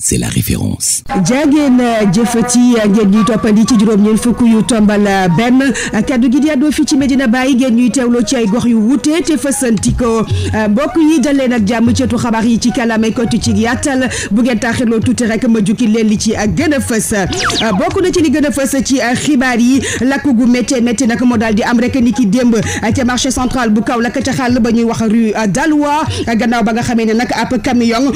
c'est la référence. jaageen jëfati ngeen ñuy toppandi ci juróom-ñeent fukk yu tombal benn kaddu gi di àddoo fii ci Medina Baye ngeen ñuy teewloo ci ay gox yu wute te fësanti ko bokk yi dal leen ak jàmm ceetu xabaar yi ci kàllaamay kottu ci yàttal bu ngeen taaxirloo tuuti rek ma jukki leen li ci gën a fës bokk na ci li gën a fës ci xibaar yi lakk gu méttee métti nag moo daal di am rek ni ki démb ca marché central bu Kaolack ca xàll ba ñuy wax rue Dalwa gannaaw ba nga xamee ne nag ab camion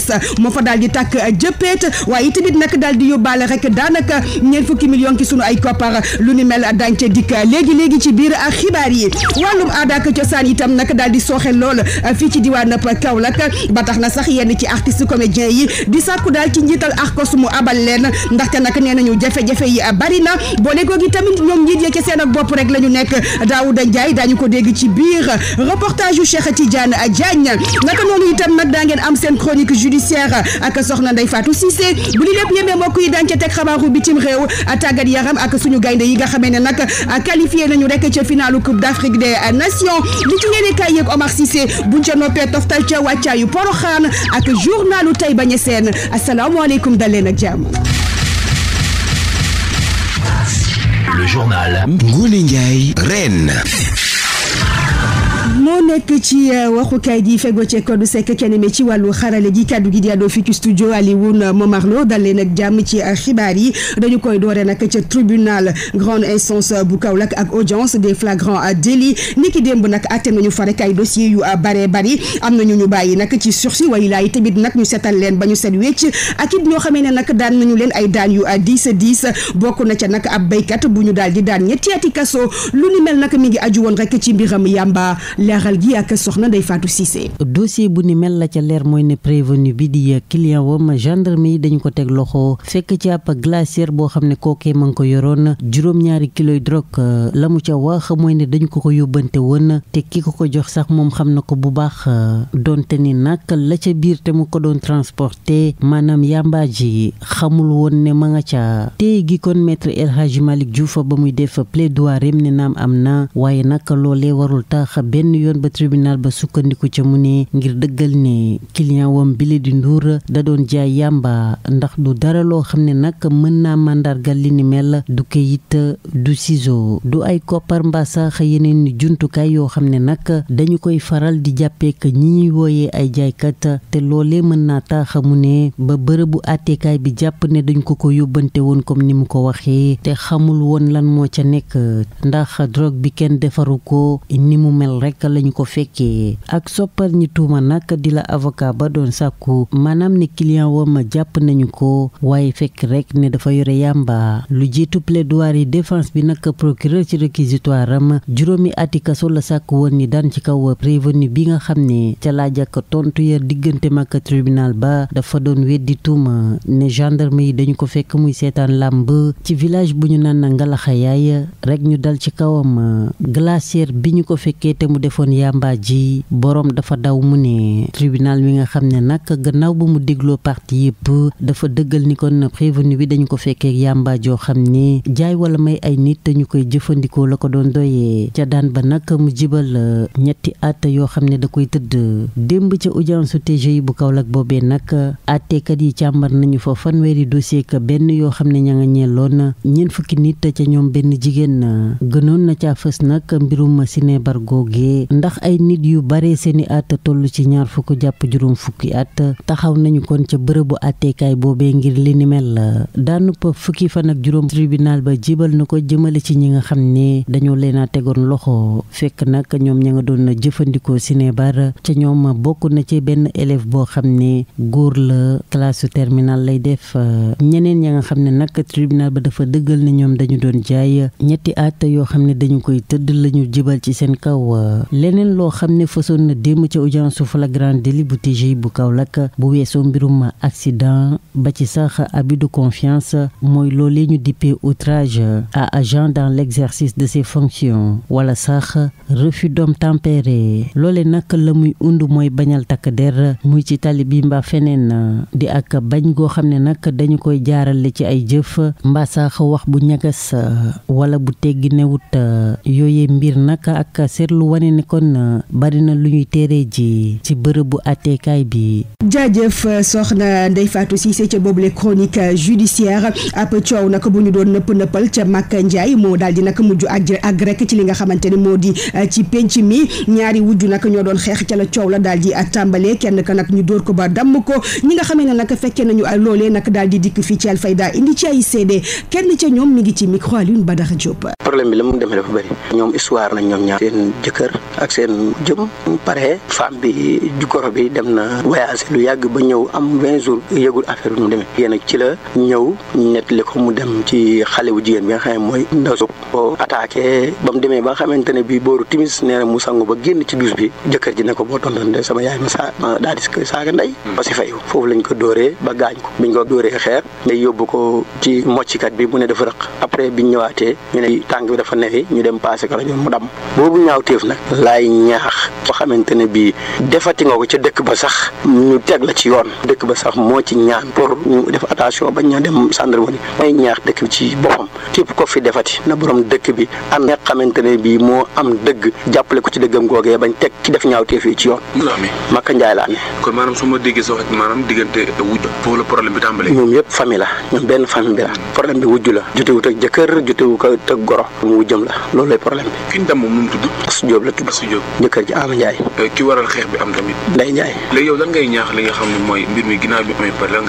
bees moo fa daal di tàkk jëppeet waaye tamit nag daal di yóbbaale rek daanaka ñeent fukki million ki sunu ay koppar lu ni mel dance dikk léegi léegi ci biir ak xibaar yi wàllum aada ak cosaan itam nag daal di sooxe lool fii ci diwaan Kaolack ba tax na sax yenn ci artiste comédien yi di sàkku daal ci njiital ARCOS mu abal leen ndaxte nag nee nañu jafe-jafe yi bari na boole googi tamit ñoom njiit ya ca seen ak bopp rek la ñu nekk Daouda a daañu ko dégg ci biir judiciaire ak soxna Ndeye Fatou Cissé bu li lépp yemee mbokk yi daan ca teg xabaaru bitim réew tàggat yaram ak suñu gaynde yi nga xame ne nag qualifié nañu rek ca finalu coupe d' afrique des li ci yéene kaay yeeg Omar Cissé buñ ca noppee toftal ca wàccaayu poroxaan ak journalu tay bañe seen asalaamaaleykum dal leen ak jàmm Le journal Ngoné Ndiaye rek ci euh, waxukaay gi fego ce Codou Seck kenn me ci wàllu xarale gi kàddu gi di àddoo fii ci studio Alioune Momar Lo dal leen ak jàmm ci euh, xibaar yi dañu koy dooree nag ca tribunal grande instance euh, bu Kaolack ak audience des flagrants délits ni ki démb nag atte nañu fa rek ay dossiers yu bare bari am na ñu ñu bàyyi nag ci sursis waaye laay tamit nag ñu seetal leen ba ñu set wecc ak ñoo xamee ne nag daan nañu leen ay daan yu diis diis bokk na ca nag ab béykat bu ñu daal di daan ñetti ati kaso lu ni mel nag mi ngi aju woon rek ci mbiram yàmba leeral gi gi ak soxna Ndeye Fatou Cissé. bu ni mel la ca leer mooy ne prévenu bi di client wam gendarme yi dañu ko teg loxo fekk ci ak glacière boo xam ne kookee ma nga ko yoroon juróom-ñaari kilo drogue euh, la mu ca wax mooy ne dañu ko ko yóbbante woon te ki ko ko jox sax moom xam na ko bu baax euh, donte ni nag la ca biir te mu ko doon transporté maanaam yàmbaa yi xamul woon ne ma nga ca te gi kon maître El Hadji Malick Diouf ba muy def plaidoirie ne naam am na waaye nag fa ba sukkandiku ca mu ne ngir dëggal ne client wam bile di nduur da doon jaay yàmba ndax du dara loo xam ne nag mën naa màndargal li ni mel du kayit du ciseau du ay koppar mbaa yeneen ni jumtukaay yoo xam ne nag dañu koy faral di jàppeek ñi ñuy wooyee ay jaaykat te loolee mën naa tax mu ne ba bërëbu àtteekaay bi jàpp ne dañ ko ko yóbbante woon comme ni mu ko waxee te xamul woon lan moo ca nekk ndax drogue bi kenn defaru ko ni mu mel ko fekkee ak soppar ñi tuuma nag di la avocat ba doon sàkku maanaam ne client wam ma jàpp nañu ko waaye fekk rek ne dafa yore yàmba lu jiitu plaidoirie défense bi nag procureur ci réquisitoire am juróomi ati kaso la sàkk woon ni daan ci kaw prévenu bi nga xam ne ca laa jàkk tontu ya diggante mag tribunal ba dafa doon weddi tuuma ne gendarme yi dañu ko fekk muy seetaan làmb ci village bu ñu naan ngalaxayaay rek ñu dal ci kawam ñu ko fekkee te Tamba ji borom dafa daw mu ne tribunal mi nga xam ne nag gannaaw ba mu dégloo parti yëpp dafa dëggal ni kon prévenu bi dañu ko fekkee yàmba joo xam ne jaay walla may ay nit ñu koy jëfandikoo la ko doon doyee ca daan ba nag mu jibal euh, ñetti at yoo xam ne da koy tëdd démb ca audience TGI bu Kaolack boobee nag àtteekat yi càmbar nañu fa fanweeri dossier ka benn yoo xam ne ña nga ñeeloon ñeent fukki nit ca ñoom benn jigéen gënoon na caa fës ay nit yu bare seeni at toll ci ñaar fukk jàpp juróom fukki at taxaw nañu kon ca bërëbu àtteekaay boobee ngir li ni mel daanub fukki fan ak juróom tribunal ba jibal na ko jëmale ci ñi nga xam ne dañoo leen a tegoon loxo fekk nag ñoom ña nga doon jëfandikoo sinébar ca ñoom bokk na ci benn élève boo xam ne góor la classe terminale lay def ñeneen ña nga xam ne nag tribunal ba dafa dëggal ne ñoom dañu doon jaay ñetti at yoo xam ne dañu koy tëdd lañu jibal ci seen kaw leneen loo xam ne fasoon na démb ca audience su flagrant délit bu TGI bu Kaolack bu weesoo mbirum accident ba ci sax abus du confiance mooy loolee ñu dippee outrage à agent dans l'exercice de ses fonctions wala sax refus d'homme tempéré loole nag la muy und mooy bañal takk der muy ci tali bi mbaa feneen di ak bañ goo xam ne nag dañu koy jaarale ci ay jëf mbaa sax wax bu ñagas wala bu teggi newut yooyee mbir nag ak seetlu wane ne kon na lu ñuy téere ji ci bërëbu àtteekaay bi. jaajëf soxna Ndeye Fatou Cissé ca boobule chronique judiciaire ap coow nag bu ñu doon nëpp nëppal ca Maka njaay moo daal di nag mujj àgg àgg rek ci li nga xamante ne moo di eh, ci penc mi ñaari wujj nag ñoo doon xeex ca la coow la daal di tàmbalee kenn ka nak ñu dóor ko ba damm ko ñi nga xamee ne nag fekkee nañu loole nag daal di dikk fii fay Alfayda indi ci ay seede kenn ca ñoom mi ngi ci micro Alioune Badara Diop. lañ jëm mu pare femme bi goro bi dem na voyage lu yàgg ba ñëw am vingt jours yëgul affaire bi mu demee yéen ci la ñëw nettali ko mu dem ci xale bu jigéen bi nga xam ne mooy ndaw su ko attaqué ba mu demee ba nga xamante ne bi booru timis nee mu sangu ba génn ci douche bi jëkkër ji ne ko boo tontonte sama yaay ma sa daal di saaga ndey hmm. ba si fayu foofu lañ ko dóoree ba gaañ ko biñ ko dóoree xeer day yóbbu ko ci mocckat bi mu ne dafa rëq après biñ ñëwaatee ñu ne tàng bi dafa nefi ñu dem passé ko rajo mu dam boobu ñaaw téef nag ñaax ko xamante ne bii defati nga ko ca dëkk ba sax ñu teg la ci yoon dëkk ba sax moo ci ñaan pour ñu def attention bañ ña dem gendarmerie may ñaax dëkk ci boppam képp ko fi defati na borom dëkk bi am nga xamante ne bii moo am dëgg jàppale ko ci dëggam googee bañ teg ki def ñaawteef yi ci yoon. Makka Njaay laa ne. kon maanaam su ma déggee maanaam diggante wujj foofu la problème ñoom yëpp famille la ñoom benn famille bi la problème bi wujj la wu ak jëkkër jotewut ak goro mu wujjam la loolu lay problème bi. ki ñu dem moom nu mu tudd. Asu Jóob la tudd. si Jóob jëkkër ji Ama Ndiaye. Euh, ki waral xeex bi am tamit. Ndeye Ndiaye. léegi yow lan ngay ñaax li nga xam ne mooy mbir mi ginnaaw bi amee pare lan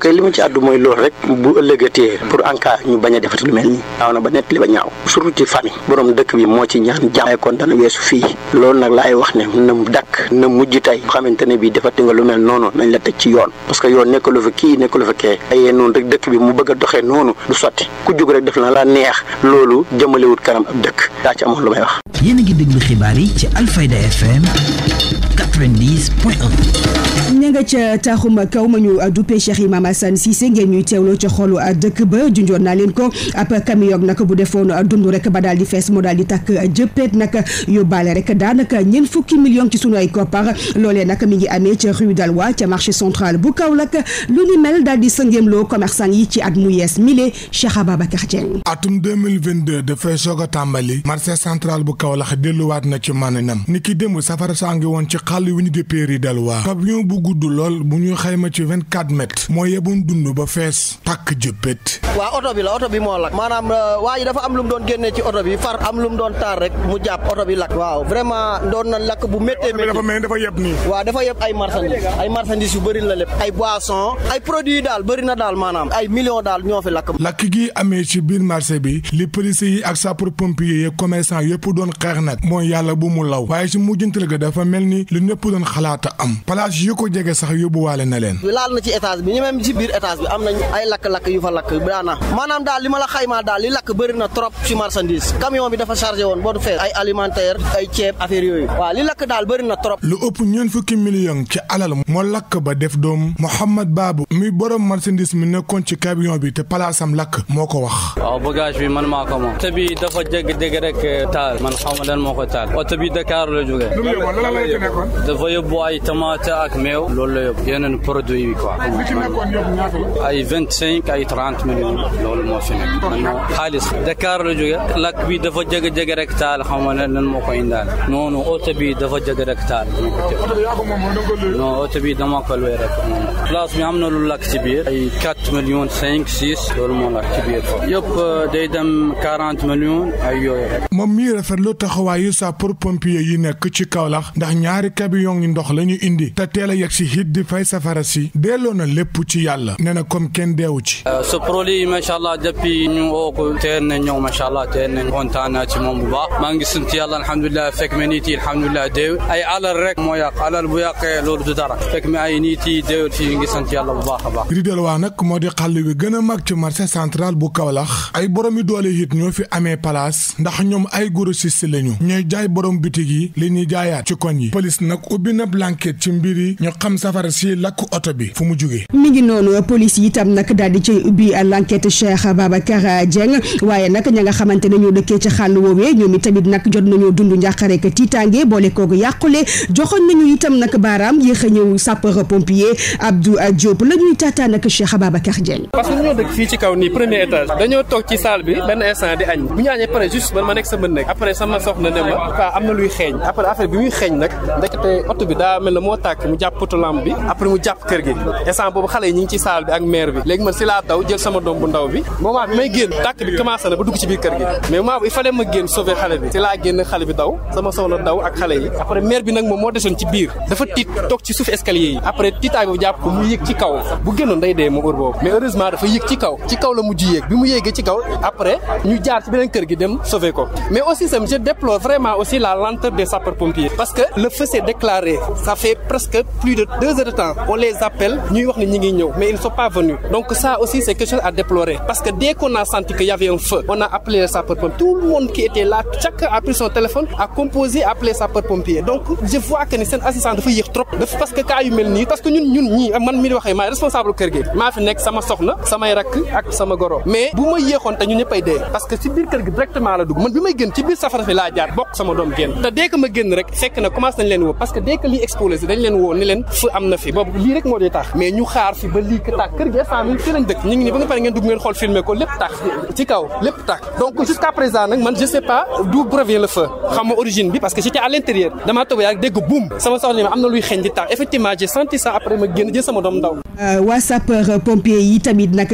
kay li ma ci àddu mooy loolu rek. bu ëllëgatee. Hmm. pour en cas ñu bañ a lu mel nii. waaw na ba nett li ba ñaaw. surtout ci famille. bi moo ci ñaan jàmm. ay kontaan weesu fii. loolu nag laay wax ne na mu dakk na mujj tey. xamante ne bii defati nga lu mel noonu nañ la teg ci yoon. parce que yoon nekkalu fa kii nekkalu fa kee. ayee noonu dëkk bi mu bëgg a doxee noonu du sotti ku jóg rek def na la neex loolu jëmalewut kanam ab dëkk daa ci amoon lu may wax yi ci Alfayda FM 90 point 1 ña nga ca taaxum kaw ma ñu duppee Cheikh Imam Assane Cissé ngeen ñuy teewloo ca xolu dëkk ba junjoon naa leen ko ab camion nag bu defoon dund rek ba daal di fees moo daal di takk jëppeet nag yóbbaale rek daanaka ñeent fukki million ci sunu ay koppar loolee nag mi ngi amee ca rue Dalwa ca marché central bu Kaolack lu ni mel daal di sëngeemloo commerçant yi ci at mu yees mile Cheikh Ababacar Dieng. atum 2022 dafay soog a tàmbali marché central bu Kaolack delluwaat na ci mananam ni ki démb safara saa ngi woon ci xàll wi ñu dëppee rue Dalwa camion bu gudd lool bu ñuy xayma ci vingt quatre mètres moo yeboon dund ba fees tàkk jëppét. waaw oto bi la oto bi moo lakk maanaam euh, waa ji dafa am lu mu doon génnee ci oto bi far am lu doon taar rek mu jàpp oto bi lakk. waaw vraiment doon na lakk bu méttee métti. dafa mel dafa yeb nii. waaw dafa yeb ay marchandises ay marchandises yu bëri la lépp. ay boissons ay produits daal bëri na daal maanaam ay millions daal ñoo fi lakk. lakk gi amee ci biir marché bi li police yi ak sapeur pompier yi commerçant doon xeex nag mooy yàlla bu mu law waaye ci mujjantal ga dafa mel ni lu ñëpp doon xalaata ko jege sax yóbbuwaale na leen laal na ci étage bi ñu lakk-lakk yu fa lakk daana maanaam daal li ma la xaymaa daal li li lakk daal bëri na trop lu ëpp ñeent fukki million ci alal moo lakk ba def doom Mouhamad Babou muy borom marchandise mi nekkoon ci camion bi te palaasam lakk moo ko wax waaw bagage bi man maa ko moom oto bi dafa jégg-jégg rek eh, taal man xaw ma lan moo ko taal oto bi Dakar la jógee dafa yóbbu ay ak meew yow loolu la yóbbu yeneen produit yi quoi ay vingt cinq ay trente millions loolu moo fi nekk maintenant xaalis Dakar la jóge bi dafa jege-jege rek taal xam nga ne lan moo ko indaal noonu oto bi dafa jege rek taal non oto bi dama ko luwe rek moom place bi am na lu ci biir ay quatre millions cinq six loolu moo lakk ci biir foofu yëpp euh, day dem quarante millions ay yooyu rek moom mii rafetlu taxawaayu sapeur pompier yi nekk ci Kaolack ndax ñaari indi a yegg si hit di fay safara si delloo na lépp ci yàlla nee na comme kenn deewu ci. su euh, produit yi macha allah depuis ñu woo na ñëw naa ci moom bu maa ngi sant yàlla alhamdulilah fekk me nit yi alhamdulilah deew ay rek moo yàq alal bu yàqee loolu du dara fekk me ci ngi sant yàlla baax a baax. Ridel waa nag moo di xàll wi gën a mag ci marché central bu Kaolack ay boromi doole hit ñoo fi ame place ndax ñoom ay grossiste lañu ñooy jaay borom bitig yi jaayaat ci koñ yi police nag ubbi na blanquette ci mbir ñu xam safara si lakk oto bi fu mu jugee. mi ngi noonu police yi itam nag daal di cay ubbi l'enquête Cheikh Babacar Dieng waaye nag ña nga xamante ne ñoo dëkkee ci xàll woowee ñoom itamit nag jot nañoo dund njàqare ak tiitaange boole kooku yàqule joxoon nañu itam nag baaraam yéex a ñëw sapeur pompier Abdou Diop la ñuy taataan ak Cheikh Babacar Dieng. parce que ñoo dëkk fii ci kaw nii premier étage dañoo toog ci salle bi benn instant di añ bu ñu añee pare juste man ma nekk sama nekk après sama soxna ne ma am potu lamb bi après mu jàpp kër gi instant boobu xale yi ñu ci saal bi ak maire bi léegi man si laa daw jël sama doom bu ndaw bi moment bi may génn tàkk bi commencé na ba dugg ci biir kër gi mais moment bi il génn sauver xale bi si laa génn xale bi daw sama soxna daw ak xale yi après maire bi nag moom moo desoon ci biir dafa tiit toog ci suuf escalier yi après tiitaay boobu jàpp ko mu yëg ci kaw bu génnoon day dee moom heure boobu mais heureusement dafa yëg ci plus de deux heures de temps on les appelle ñuy wax ne ñi ngi ñëw mais ils ne pas venus donc ça aussi c'est quelque chose déplorer parce que dès qu'on a senti qu'il y avait un on a appelé les sapeurs-pompiers tout le monde qui était là chacun a pris son téléphone a composé appelé donc je vois ni seen assistance dafa yéex trop dafa parce que cas yu mel nii parce que ñun ñun ñii man mi di waxee maay responsable kër gi maa fi nekk sama soxna samay rakk ak sama goro leen fu am na fi boobu lii rek moo dee tax mais ñu xaar fi ba lii tàkk kër gi instant bi fi lañ dëkk ñu ngi nii ba nga pare ngeen dugg ngeen xool filmer ko lépp tax ci kaw lépp tax donc jusqu'à présent nag man je sais pas d'où provient le feu xam ma origine bi parce que j'étais à l'intérieur damaa toog yaa rek dégg boum sama soxla ma am na luy xeeñ di tax effectivement j'ai senti ça après ma génn jël sama doom ndaw euh, waa sapeur yi tamit nag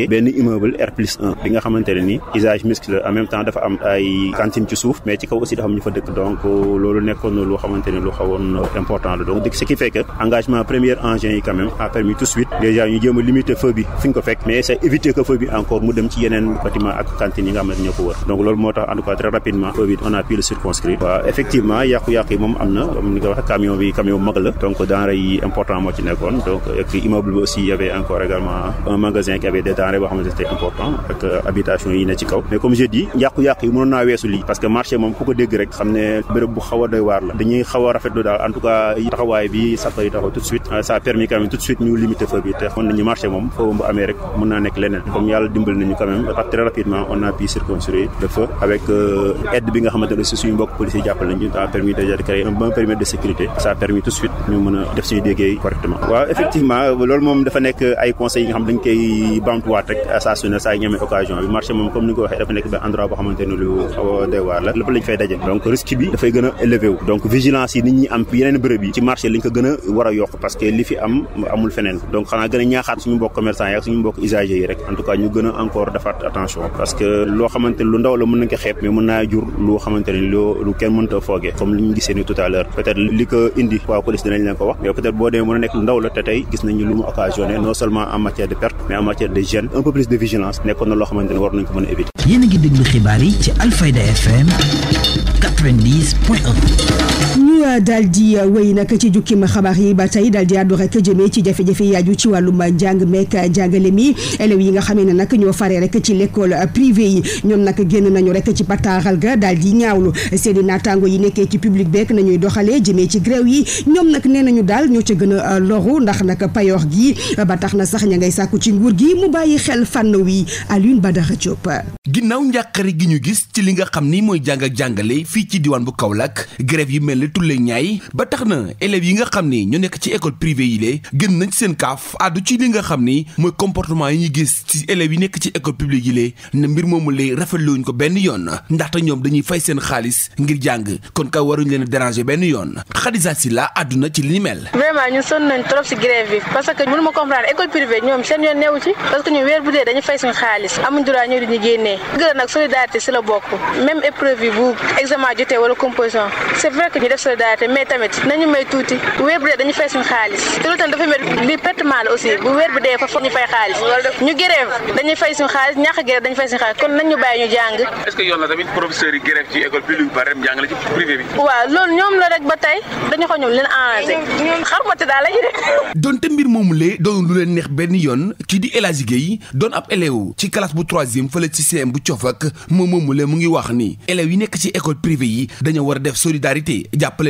liggéey benn immeuble R plus 1 bi nga xamante ni usage mixte la en même temps dafa am ay cantine ci suuf mais ci kaw aussi dafa am ñu fa dëkk donc loolu nekkoon lu xamante lu xawoon important la donc loolu moo tax en très rapidement feu bi on a pu waaw effectivement yàqu-yàqu yi moom am na comme ni nga waxee bi camion mag la donc denrée yi important moo ci nekkoon donc immeuble bi aussi y encore également un magasin qui avait denrée boo xamante c'était important ak euh, habitation yi ne ci kaw mais comme j'ai yàqu-yàqu yi mënoon naa weesu lii parce que marché moom ku ko dégg rek xam ne béréb bu xaw a waar la dañuy xaw a rafetlu daal en tout cas taxawaay bi sàppa taxaw tout de suite euh, ça permis quand tout de suite ñu limiter feu bi te xam nañu marché moom feu bu amee rek mën naa nekk leneen comme yàlla dimbal nañu quand même pas très rapidement on a pu circonscrire euh, de créer ñëwaat rek euh, saa su saa yi ñu occasion bi moom comme ni nga ko dafa nekk benn endroit boo xamante lu xaw euh, la lépp lañ fay ko gën encore defaat attention parce que loo xamante lu ndaw la mën nañ ko mais mën naa jur loo xamante lu kenn mënta foogee comme li ñu gisee ni tout à l'heure li ko indi waa police dinañ leen ko wax mais peut boo demee mën a nekk lu ndaw la te tey gis nañu lu mu occasionné non seulement en matière de perte mais en un peu plus de vigilance nekkoon na loo xamante ne war nañ a éviter. yéen a point 1. ñu euh, daal di euh, wéy nag ci jukkim xabaar yi ba tey daal di àddu rek jëmee ci jafe-jafe yaaju ci wàllum njàng meek njàngale mi élèves yi nga xamee ne nag ñoo faree rek ci l'école privée yi ñoom nag génn nañu rek ci pataaral ga daal di ñaawlu seen i naataango yi nekkee ci public beek nañuy doxalee jëme ci grève yi ñoom nag nee nañu daal ñoo ca gën a euh, loru ndax nag payoor gi ba tax na sax ña ngay sàkku ci nguur gi mu bàyyi xel fànn wi Alioune Badara Diop ginnaaw njàqare gi ñu gis ci li nga xam ni mooy jàng ak jàngale fii ci diwaan bu Kaolack grève la ñaay ba tax na élèves yi nga xam ni ñu nekk ci école privée yi lee gën nañ seen kaaf àddu ci li nga xam ni mooy comportement yi ñuy gis ci élèves yi nekk ci école publique yi lee ndaxte ñoom dañuy fay seen xaalis ngir jàng kon kaw waruñ leen a benn yoon Khadija Sylla àdduna ci li mel. vraiment ñun sonn nañ trop si grève bi parce que mënu ma comprendre école privée ñoom seen yoon neewu ci parce que ñun weer bu dee dañuy fay suñu xaalis amuñ droit ñëw di solidarité mais tamit nañu may tuuti bu weer bu dee dañu fay suñu xaalis te loolu tamit dafa mel li pertement la aussi bu weer bu dee fa foog ñu fay xaalis ñu grève dañuy fay suñu xaalis ñàkk grève dañu fay suñu xaalis kon nañu bàyyi ñu jàng est-ce que ba dem jàng la ci privé bi waaw loolu ñoom la rek ba tey dañu xaw ñoom leen arrangé xarmati daal la ñu de donte mbir moomu lee lu leen neex benn yoon kii di El Hadji Gueye doon ab élève ci classe bu troisième fële ci CM bu Cofak moom moomu lee mu ngi wax ni élèves yi nekk ci école privée yi dañoo war a def solidarité jàppale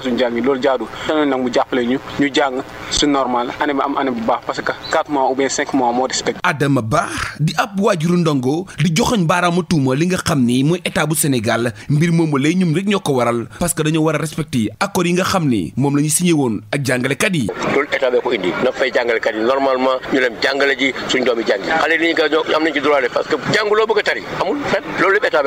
yàq suñu loolu jaadu danañ nag mu jàppale ñu jàng su normal année Ba di ab waajuru ndongo di joxoñ baaraamu li nga xam ni mooy état Sénégal mbir moomu lay ñum rek ñoo ko waral parce que dañoo war a respecté accords yi nga xam ni moom la ñu woon ak jàngalekat yi loolu état ko indi na fay jàngalekat yi normalement ñu dem jàngale ji suñ doomi jàngi xale li ñu ko am nañ ci droit parce que jàng bëgg a tari amul fen loolu lépp état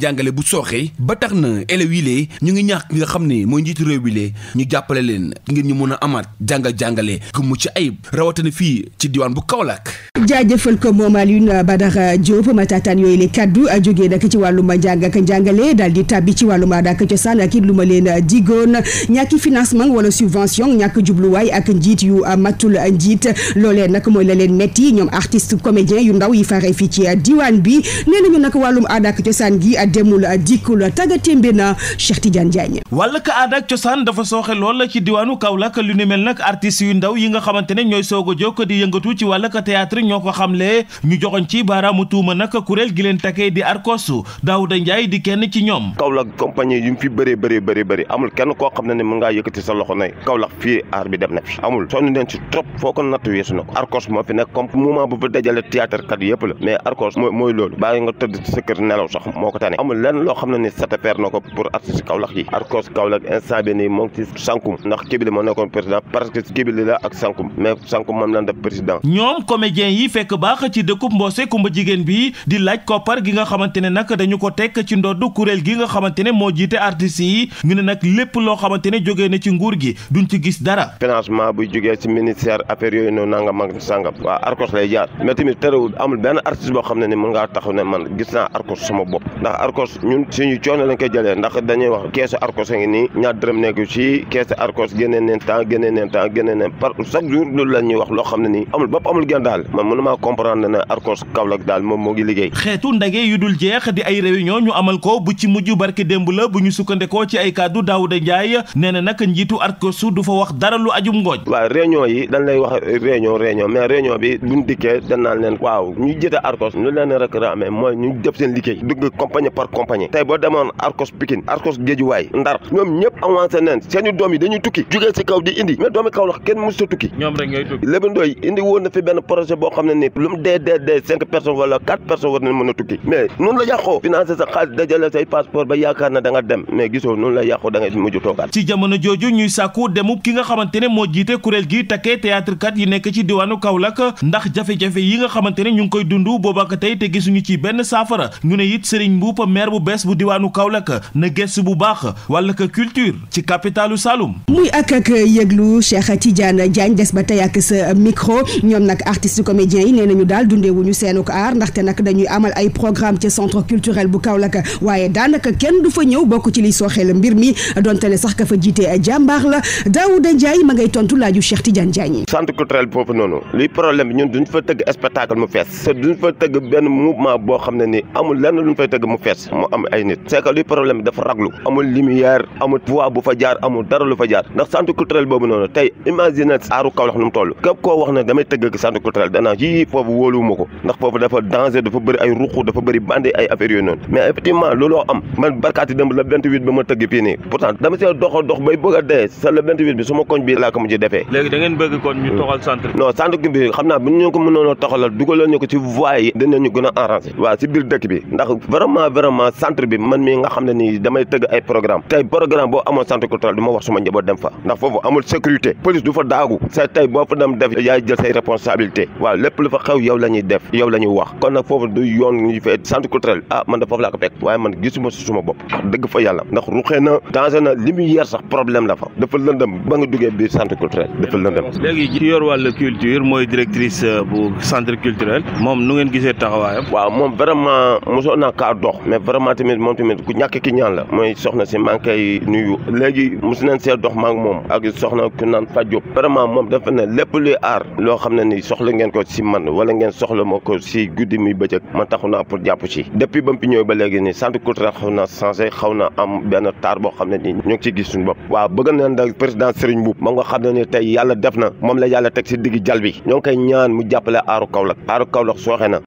njàngale bu sooxee ba tax na élèves yi lee ñu ngi ñaax ki nga xam ne mooy njiitu réew bi lee ñu jàppale leen ngir ñu mun a amaat jàngal jàngale ku mucc ayib rawatina fii ci diwaan bu kaw Kaolack. jaajëfal ko moom ba Badara Diop ma taataan yooyu la kaddu jogee nag ci wàllum njàng ak njàngale daal di tàbbi ci wàllu aada ak cosaan ak it lu ma leen digoon ñàkki financement wala subvention ñàkk jubluwaay ak njiit yu matul njiit loolee nag mooy la leen metti ñoom artiste comédien yu ndaw yi fare fii ci demul dikkul tàggatémbe na Cheikh Tidiane Diagne. wàllug aada ak cosaan dafa sooxe lool ci diwaanu Kaolack lu ni mel nag artistes yu ndaw yi nga xamante ne ñooy soog a jokk di yëngatu ci wàllug théâtre ñoo ko xamle ñu joxoñ ci baaraamu tuuma nag kuréel gi leen takkee di Arcos Daouda Ndiaye di kenn ci ñoom. Kaolack compagnie yu mu fi bëree bëree bëri bëri amul kenn koo xam ne ne mën ngaa yëkkati sa loxo nay Kaolack fii aar bi dem na fi amul sonn année amul lenn loo xam ne ni satisfaire na ko pour artiste Kaolack yi artiste Kaolack instant bi nii moo ngi ci sankum ndax Kébili moo nekkoon président parce que Kébili la ak sankum mais sankum moom lan def président ñoom comédiens yi fekk baax ci dëkkub mboose kumba jigéen bi di laaj koppar gi nga xamante ne nag dañu ko tekk ci ndodd kuréel gi nga xamante ne moo jiite artistes yi ñu ne nag lépp loo xamante ne jógee na ci nguur gi duñ ci gis dara financement buy jógee ci ministère affaires yooyu noonu nangam ak sangam waaw arcos lay jaar mais tamit terewul amul benn artiste boo xam ne ni mën ngaa taxaw ne man gis naa sama bopp Arcos ñun suñu coono lañ koy jëlee ndax dañuy wax keesu Arcos a ngi nii ñaar dërëm nekk ci keesu Arcos génnee neen temps génnee neen temps génnee neen par chaque jour loolu la ñu wax loo xam ne nii amul bopp amul genn daal man mënumaa moom moo ngi liggéey xeetu ndaje yu dul jeex di ay réunion ñu amal ko bu ci mujj barke démb la bu ñu sukkandekoo ci ay kàddu Daouda Ndiaye nee na nag njiitu Arcos du fa wax dara lu ajum ngooj waaw réunion yi dañ lay wax réunion réunion mais réunion bi buñ dikkee dañ naan leen waaw ñu jëte Arcos ñu leen rek raamee mooy ñu def compagnie par compagnie tey boo demoon Arcos Pikine Arcos Guédiawaye Ndar ñoom ñëpp avancé neen seeni doom yi dañuy tukki jógee si kaw di indi mais doomi kaw la kenn mos sa tukki ñoom indi woon na fi benn projet boo xam ne nii lu dee dee dee cinq personnes wala quatre personnes war nañ mën a tukki mais noonu la yàqoo financé sa xaalis dajale say passeport ba yaakaar na da dem mais gisoo noonu la yàqoo da mujj toogaat ci jamono jooju ñuy sàkku demub samp maire bu bees bu diwaanu Kaolack na gëstu bu baax wàll ka culture ci capitalu Saloum. muy ak ak yëglu Cheikh Tidiane Diagne des ba tey ak sa micro ñoom nag artistes comédiens yi nee nañu daal dundeewuñu seenu ko aar ndaxte nag dañuy amal ay programme ci centre culturel bu Kaolack waaye daanaka kenn du fa ñëw bokk ci liy sooxeel mbir mi donte ne sax ka fa jiite jàmbaar la Daouda Ndiaye ma ngay tontu laaju Cheikh Tidiane Diagne. centre culturel boobu noonu li problème bi ñun duñ fa tëgg spectacle mu am ay nit c'est luy problème bi dafa raglu amul lumière amul poids bu fa jaar amul dara fa jaar ndax centre culturel boobu noonu tey imagine aaru Kaolack nu mu toll képp wax ne damay tëgg ko ndax ba ma tëgg fii pourtant dama see dox dox bay bëgg a dee sa le bi suma koñ bi laa ko mujj defee léegi da bëgg kon ñu toxal centre non centre bi xam naa bu ñu ko mënoon a toxalal dugalal ñu ko ci voie yi dinañu gën a arranger waaw si biir vraiment centre bi man mii nga xam ne nii damay tëgg ay programme tey programme boo amoon centre culturel du ma wax suma njaboot dem fa ndax foofu amul sécurité police du fa daagu say tey boo fa dem def yaay jël say responsabilité waaw lépp lu fa xew yow la ñuy def yow la ñuy wax kon nag foofu du yoon ñu fee centre culturel ah man da foofu laa ko fekk waaye man gisuma si suma bopp dëgg fa yàlla ndax ruxee na danger na lumière sax problème la fa dafa lëndëm ba nga duggee biir centre culturel dafa lëndëm euh, ngeen gisee taxawaayam waaw moom vraiment mosoon naa kaa mais vraiment tamit moom tamit ku ñàkk ki ñaan la mooy soxna si maa nuyu léegi mos nañ see dox maa moom ak soxna ku naan fajjub vraiment moom dafa ne lépp luy aar loo xam ne ni soxla ngeen ko si man wala ngeen soxla ma ko si guddi mi bëccëg man taxu naa pour jàpp ci depuis ba mu fi ñëwee ba léegi nii centre culturel xaw na changé xaw na am benn taar boo xam ne ni ñu ngi ciy gis suñu bopp waaw bëgg nañ da président Serigne Mboup moom nga xam ne ni tey yàlla def na moom la yàlla teg si digg jal bi ñoo koy ñaan mu jàppale aaru Kaolack aaru Kaolack sooxe na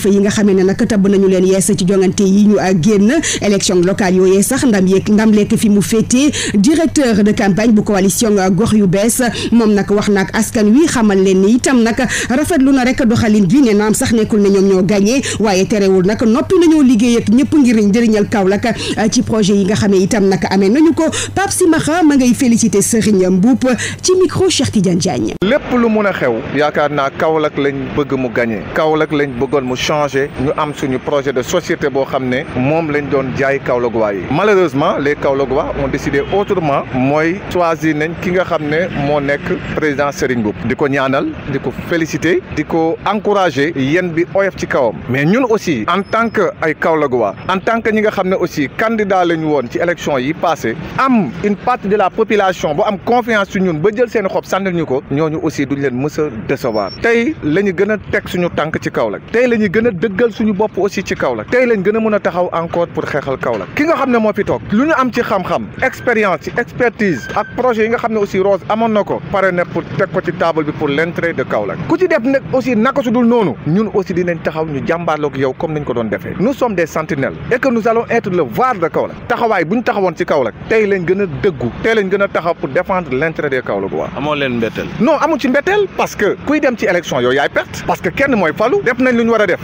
kilifa yi nga xamee ne nag tabb nañu leen yees ci jongante yi ñu génn élection locale yooyee sax ndam yeeg ndam lekk fi mu féetee directeur de campagne bu coalition gox yu bees moom nag wax naag askan wi xamal leen ni itam nag rafetlu na rek doxalin bi ne naam sax nekkul ne ñoom ñoo gagné waaye terewul nag noppi nañoo liggéey ak ñëpp ngir njëriñal Kaolack ci projet yi nga xamee itam nag amee nañu ko Pape Simaxa ma ngay félicité Serigne Mboup ci micro Cheikh Tidiane Diagne lépp lu mun xew yaakaar naa Kaolack lañ bëgg mu gagné Kaolack lañ bëggoon mu changé ñu am suñu projet de société boo xam ne moom lañ doon jaay Kaolackois yi malheureusement les Kaolackois ont décidé autrement mooy choisir nañ ki nga xam ne moo nekk président Serigne Mboup di ko ñaanal di ko féliciter di ko encourager yéen bi oyof ci kawam mais ñun aussi en tant que ay Kaolackois en tant que ñi nga xam ne aussi candidat lañu woon ci élection yi passé am une partie de la population bu am confiance ci ñun ba jël seeni xob sànnil ñu ko ñooñu aussi duñ leen mës a tey la ñu gën a teg suñu tànk ci Kaolack tey gën a dëggal suñu bopp aussi ci Kaolack tey lañ gën mën a taxaw encore pour xeexal Kaolack ki nga xam ne moo fi toog lu ñu am ci xam-xam expérience ci expertise ak projet yi nga xam ne aussi Rose amoon na ko pare na pour teg ko ci table bi pour l'entrée de Kaolack ku ci def nag aussi naka su noonu ñun aussi dinañ taxaw ñu jàmbaarloog yow comme nañ ko doon defee nous sommes des sentinelles et que nous allons de Kaolack taxawaay bu taxawoon ci Kaolack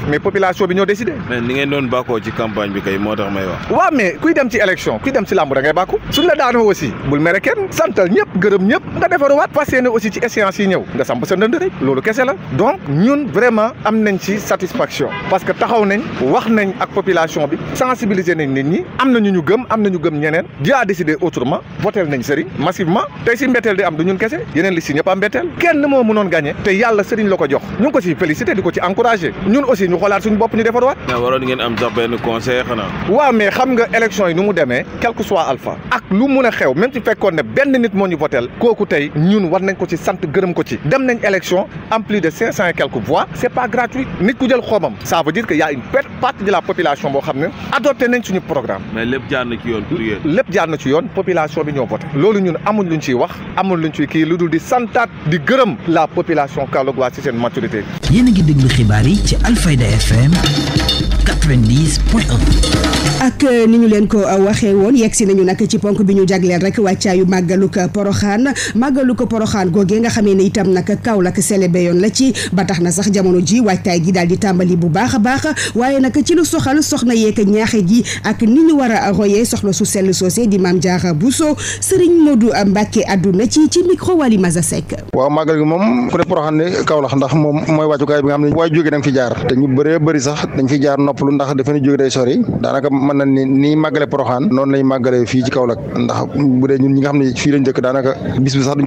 mais population bi ñoo décidé. mais ni ngeen doon bàkkoo ci campagne bi kay moo tax may wax. waaw mais kuy dem ci élection kuy dem ci làmb da bàkku suñ la daanoo aussi bul mere kenn santal ñëpp gërëm ñëpp nga defaruwaat fas yéene aussi ci échéance yi ñëw nga samp sa ndënd rek loolu kese la donc ñun vraiment am nañ ci satisfaction parce que taxaw nañ wax nañ ak population bi sensibiliser nañ nit ñi am na ñu ñu gëm am na ñu gëm ñeneen di a décidé autrement votel nañ sëriñ massivement tey si mbetteel di am du ñun kenn moo mënoon gagné te yàlla sëriñ ko jox ñu ngi ko si aussi ñu xoolaat suñu bopp ñu defarwaat. mais waroon waaw mais xam nga élection yi nu mu demee quel que alpha ak lu mun a xew même su fekkoon ne benn nit moo ñu voteel kooku tey ñun war nañ ko ci sant gërëm ko ci dem nañ élection am plus de cinq cent et quelques voix c' est pas gratuit nit ku jël xoomam ça veut dire que y' a une partie de la population boo xam ne adopté nañ suñu programme. mais lépp jaar na ci yoon pour yéen. lépp jaar bi ñoo voté loolu ñun amuñ luñ ciy wax amuñ luñ ciy kii dul di santaat di gërëm la population Kaolack waa ci seen maturité. yéen a ngi déglu xibaar yi Alfayda FM 90.1 ak eh, ni ñu leen ko eh, waxee woon yegg si nañu nag ci ponk bi ñu jagleel rek wàccaayu màggaluk poroxaan màggaluk poroxaan googee nga xamee ne itam nag Kaolack sele yoon la ci ba tax na sax jamono ji wàccaay gi daal di tàmbali bu baax a baax waaye nag ci lu soxal soxna yeeg ñaaxe gi ak ni ñu war a royee soxla su sell soosé di maam Diarra Bousso Serigne Modou Mbacke àdduna ci ci micro Wali Maza Seck. waaw màggal gi moom ku ne poroxaan ne Kaolack ndax moom mooy wàccukaay bi nga xam ne waaye jóge da nga fi jaar yu bëree bëri sax dañ fi jaar noppalu ndax dafa ñu jóge day sori daanaka mën na ni nii màggale Poroxaan noonu lañ màggale fii ci Kaolack ndax bu dee ñun ñi nga xam ne fii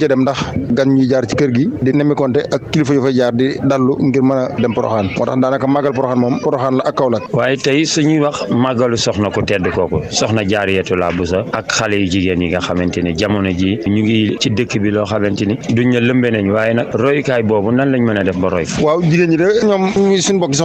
dem ndax gan ñuy jaar ci kër gi di nemikonte ak kilifa yu fay jaar a dem Poroxaan moo tax daanaka màggal Poroxaan moom Poroxaan la ak Kaolack waaye tey suñuy wax màggalu soxna ku sa ak xale yu jigéen yi nga xamante ni jamono ji ñu ngi ci dëkk bi loo xamante ni duñ na lëmbe nañ waaye nag royukaay boobu nan lañ mën a def ba roy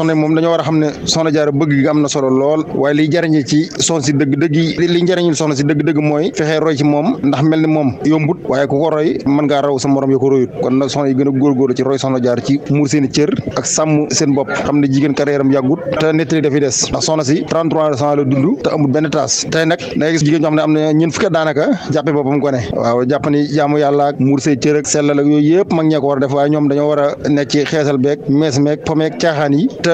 soxna moom dañoo war a xam ne soxna jaara bëgg gi am na solo lool waaye liy jariñe ci soxna si dëgg-dëgg yi liy jariñul si dëgg-dëgg mooy fexee roy ci moom ndax mel ni moom yombut waaye ku ko roy mën ngaa raw sa morom royut kon nag soxna yi gën a góorgóorlu ci roy soxna jaar ci muur cër ak sàmm seen bopp xam ne jigéen carrière am yàggut te nettali ndax soxna si 33 la dund te amul benn taas tey nag da ngay gis jigéen ñoo xam ne na ñeen fukki daanaka jàppe boppam a def waaye a nekk ci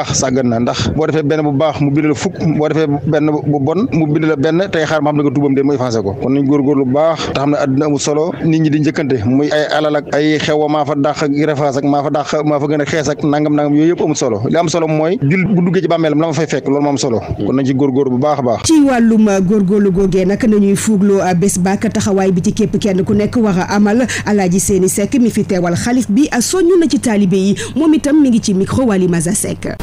baax sàggan na ndax boo defee benn bu baax mu bind la fukk boo defee benn bu bon mu bind la benn tey xaar ma xam ne nga tuubam de muy ay alal ak ay a maa fa maa fa dàq maa a xees ak nangam nangam yooyu yëpp amul solo li am solo mooy jul bu duggee ci bàmmeelam la ma fay fekk loolu moo am solo kon nañ ci góorgóorlu bu baax a baax ci wàllum góorgóorlu googee nag nañuy fuugloo bés baak taxawaay bi ci képp kenn ku nekk war a amal alaaji seeni sekk mi fi teewal xalif bi soññu na ci taalibe yi moom itam mi ngi ci micro Wali Maza Seck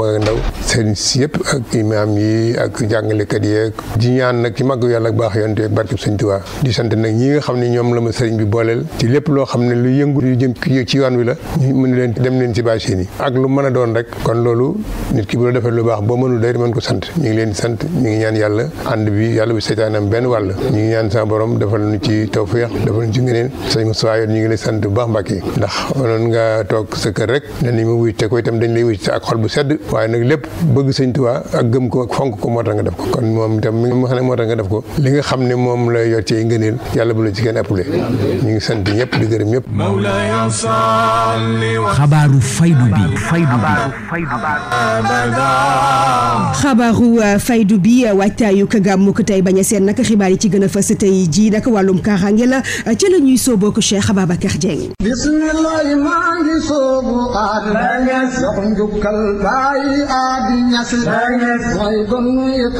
mag ak ndaw sëriñ si yëpp ak imaam yi ak jàngalekat yi ak di ñaan nag ci màgg yàlla ak baax yonte barkeb sëñ di sant nag ñi nga xam ne ñoom la ma sëriñ bi booleel ci lépp loo xam ne lu yëngu lu jëm ci yoon wi la ñu mën lu mën a doon rek kon loolu nit ki bu la defee lu baax boo mënul day mën ko sant ñu ngi leen sant ñu ngi ñaan yàlla ànd bi yàlla bi seytaane benn wàll ñu ngi ñaan sa borom defal nu ci tawfeex defal nu ci ngëneen sëñ Moussa yoon ñu ngi lay sant bu baax Mbàkke ndax mënoon nga toog sa kër waaye nag lépp bëgg sëñ Tuubaa ak gëm ko ak fonk ko moo tax nga def ko kon moom itam mi nga xam ne moo tax nga def ko li nga xam ne moom la yor ci ngëneel yàlla bu la ci kenn appelé ñu ngi sant ñëpp di gërëm ñëpp xabaaru faydu bi euh, faydu bi xabaaru faydu bi waajtaayu ka gàmmu ko tey bañ a seet nag xibaar yi ci gën a fës tey ji nag wàllum kaaraange la euh, ci la ñuy sooboo ko Cheikh Ababacar Dieng soobu aar. Bañes jox njukkal yi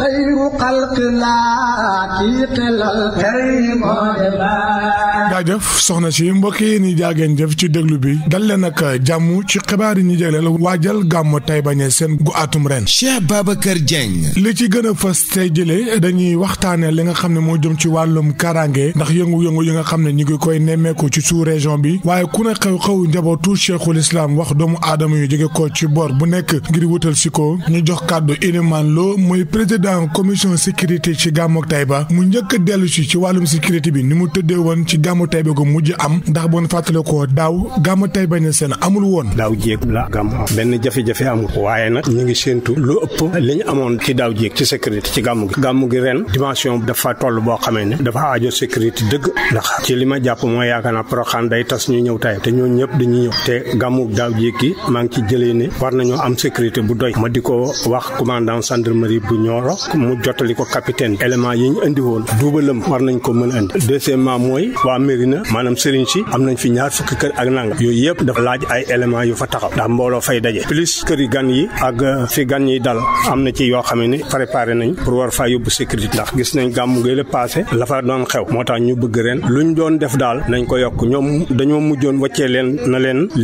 xayru xalqi laa ci xelal xëy moo de baa. jaajëf soxna si mbokk yi ni jaageen jëf ci déglu bi dal leen ak jàmm ci xibaar yi ñu jagleel waajal gàmmu Taïba Niassène gu atum ren. Cheikh Babacar Dieng. li ci gën a fës tey jëlee dañuy waxtaanee li nga xam ne moo jëm ci wàllum karange ndax yëngu-yëngu yi nga xam ne ñu ngi koy nemmeeku ci sous région bi waaye ku ne xew-xew njabootu cheikhul islam wax doomu aadama yu jóge ko ci bor bu nekk ngir wutal si ko ñu jox kàddu Iliman loo mooy président commission sécurité ci gàmmu ba mu njëkk a dellu si ci wàllum sécurité bi ni mu tëddee woon ci gàmmu Taïba gu mujj am ndax boon fàttale ko daaw gàmmu Taïba ne seen amul woon. daaw jéeg la gàmmu am benn jafe-jafe amul waaye nag ñu ngi séentu lu ëpp li ñu amoon ci daaw jéeg ci sécurité ci gàmmu gi gàmmu gi ren dimension dafa toll boo xamee ne dafa aajo sécurité dëgg ndax ci li ma jàpp mooy yaakaar naa Porokhane day gàmmu daaw jékki maa ngi ci jëlee ne war nañoo am sécurité bu doy ma di ko wax commandant gendarmerie bu Nioro mu jottali ko capitaine élément yi ñu indi woon duubalam war nañ ko mën a indi deuxièmement mooy waa Mérina maanaam sëriñ si am nañ fi ñaar fukki kër ak nanga yooyu yëpp dafa laaj ay éléments yu fa taxaw ndax mbooloo fay daje plus këri gan yi ak euh, fi gan yi dal am na ci yoo xam ni préparé nañ pour war faa yóbbu sécurité ndax gis nañ gàmmu gi la passé la moo tax ñu bëgg ren luñ doon def daal nañ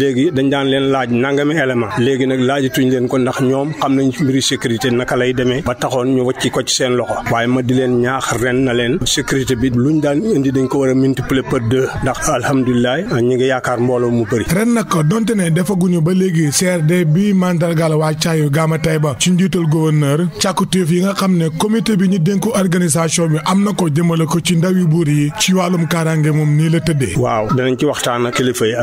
léegi dañ daan leen laaj nangami élément léegi nag laajatuñ leen ko ndax ñoom xam nañ mbiri sécurité naka lay demee ba taxoon ñu wàcc ko ci seen loxo waaye ma di leen ñaax ren na leen sécurité bi lu luñ daan indi dañ ko war a multiplier par deux ndax alhamdulilah ñu ngi yaakaar mbooloo mu bëri. ren nag donte ne defaguñu ba léegi CRD bi mandargal waa caayu Gama Taïba ci njiital gouverneur càkkutéef yi nga xam ne comité bi ñu dénku organisation bi am na ko jëmale ko ci ndawi buur yi ci wàllum kaaraange moom nii la tëddee. waaw danañ ci waxtaan ak kilifa yi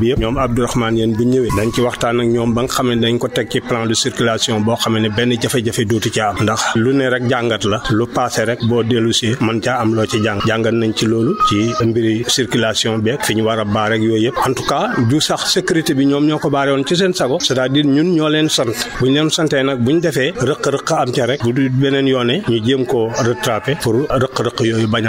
bi Abdourahmane yéen bu ñëwee dañ ci waxtaan ak ñoom ba nga xam ne dañ ko teg ci plan de circulation boo xam ne benn jafe-jafe dootu ci am ndax lu ne rek jàngat la lu passé rek boo dellusee mën caa am loo ci jàngat nañ ci loolu ci mbiri circulation beeg fi ñu war a baar ak yooyu yëpp en tout cas du sax sécurité bi ñoom ñoo ko baare woon ci seen sago c'est-à-dire ñun ñoo leen sant bu ñu leen santee nag bu ñu defee rëq-rëq am ca rek bu du beneen yoone ñu jéem ko rattraper pour rëq-rëq yooyu bañ